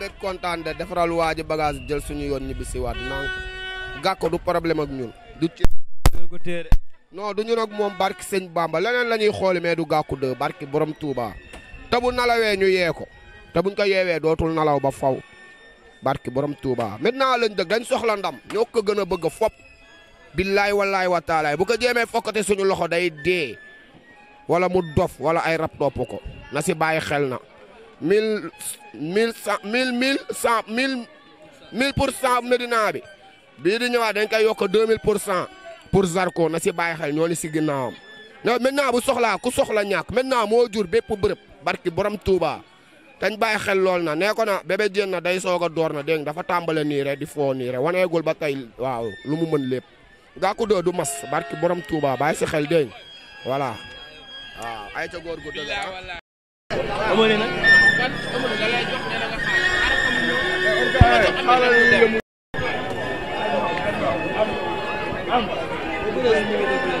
bëgg kontaan de defaral waa ji bagage jël suñu yoon ñibbi si waat nank gàkko du problème ak ñun du ci non du ñun ak moom barki sëñ Bamba leneen la ñuy xooli mais du gàkku de barki borom Touba te bu nalawee ñu yee ko te buñ ko yeewee dootul nalaw ba faw barki borom Touba maintenant lañ dëgg dañ soxla ndam ñoo ko gën a bëgg fop billaay wallaay wa taalaay bu ko jéemee fokkate suñu loxo day dee wala mu dof wala ay rab topp ko na si bàyyi xel na mille mille cent mille mille cent mille mille pour cent Medina bi bii di ñëwaat dañ koy yokk deux mille pour cent pour Zarko na si bàyyi xel ñoo ni si ginnaawam non maintenant bu soxlaa ku soxla ñàkk maintenant moo jur bépp bërëb barki borom Touba teñ bàyyi xel lool na nee ko na bébé jën na day soog door na dégg dafa tàmbale nii rek di foo nii rek waneegul ba tey waaw lu mu mën lépp. daa ko doo du mas barki borom Touba bàyyi si xel dégg voilà ay ca góor gu dëgg la ah. amone nag ban amone da lay jox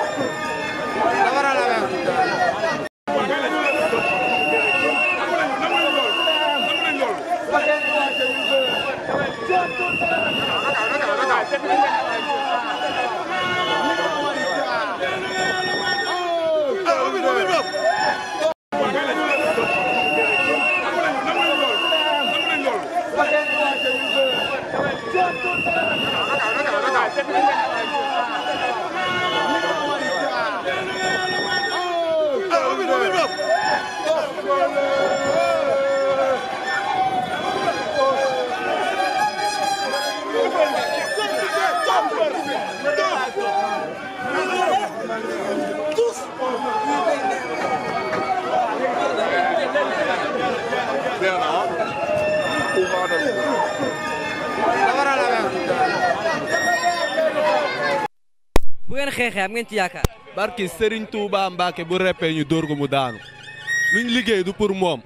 ngeen xeexee ci yaakaar. barki Serigne Touba Mbacke bu reppee ñu dóor ko mu daanu luñ liggéey du pour moom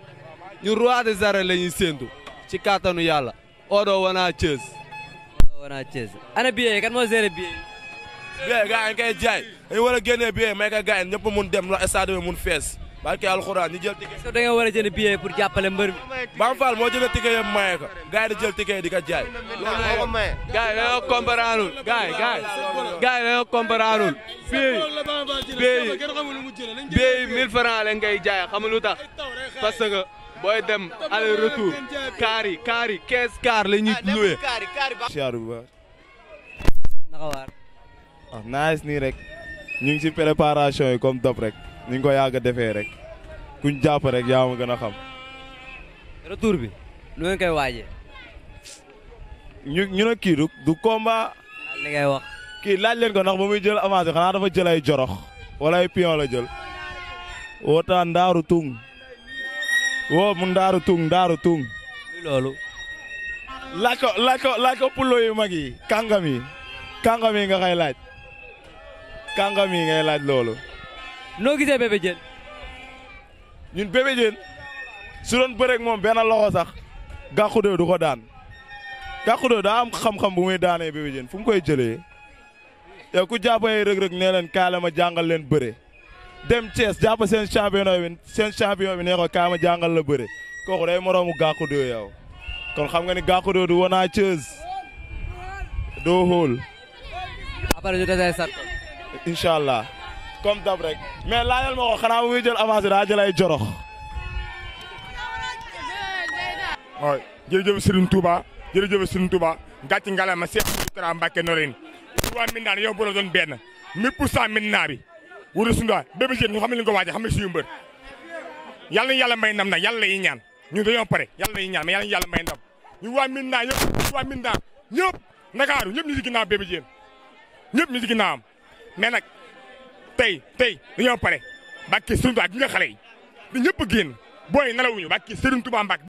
ñu roi des arènes la ci kàttanu yàlla Odo Wana Thiès. Odo Wana Thiès moo géré billet. billet gars yi ñu jaay dañu war a génnee billet may ka gars yi ñëpp mun dem ndax stade bi mun fees. barke alxuraan ñu jël ticket. da nga war a jënd billet pour jàppale mbër bi. Bam moo jënd ticket yëpp maye ko gars yi di jël ticket di ko jaay. loolu moo ko maye. gars yi dañoo comprendre gars yi gars yi gars yi parce que. booy dem aller retour kaar yi kaar yi 15 ñuy loué. siyaaru bu baax. naka waar. ah ngi ci préparation yi comme dop rek. ni nga ko yàgg a defee rek kuñ jàpp rek yaa ma gën a xam. retour bi nu ngeen koy waajee. ñu ñu ne kii du du kii laaj leen ko ndax ba muy jël avance xanaa dafa jël ay jorox wala ay pion la jël. wota ndaaru tung woo mu ndaaru tung ndaaru tung. loolu. laaj ko laaj ko laaj ko mag yi kàngam yi kàngam yi nga koy laaj. kàngam yi ngay laaj loolu. noo gisee ñun Bébé Diène su doon bëreeg moom benn loxo sax Gackou 2 du ko daan Gackou 2 daa am xam-xam bu muy daanee Bébé Diène fu mu koy jëlee yow ku jàppee rëg-rëg nee leen kaale ma jàngal leen bëre dem Thiès jàpp seen champion bi seen champion bi nee ko kaama jàngal la bëre kooku day moroomu Gackou 2 yow kon xam nga ni Gackou 2 du wanaa Thiès doo xool. après ñu allah. comme dab rek mais laajal ma ko xanaa bu muy jël avancé daa jël ay jorox. waaw jërëjëf Serigne Touba jërëjëf Serigne Touba gàcce ngalama Cheikh Kara Mbacke Noreyni. waa Minna yow bu la doon benn 1000 pour cent Minna bi. wóor na suñu daal Bébé Diène ñu xam ne li nga ko waajal xam ne na yàlla may ndam nag yàlla yi ñaan ñun dañoo pare yàlla yi ñaan mais yàlla na waa Minna yëpp waa Minna ñëpp Ndakaaru ñëpp ñu si tey tey dañoo pare bàkki Serigne Touba gi nga xale yi ñëpp génn booy nelawuñu bàkki Serigne Touba Mbacke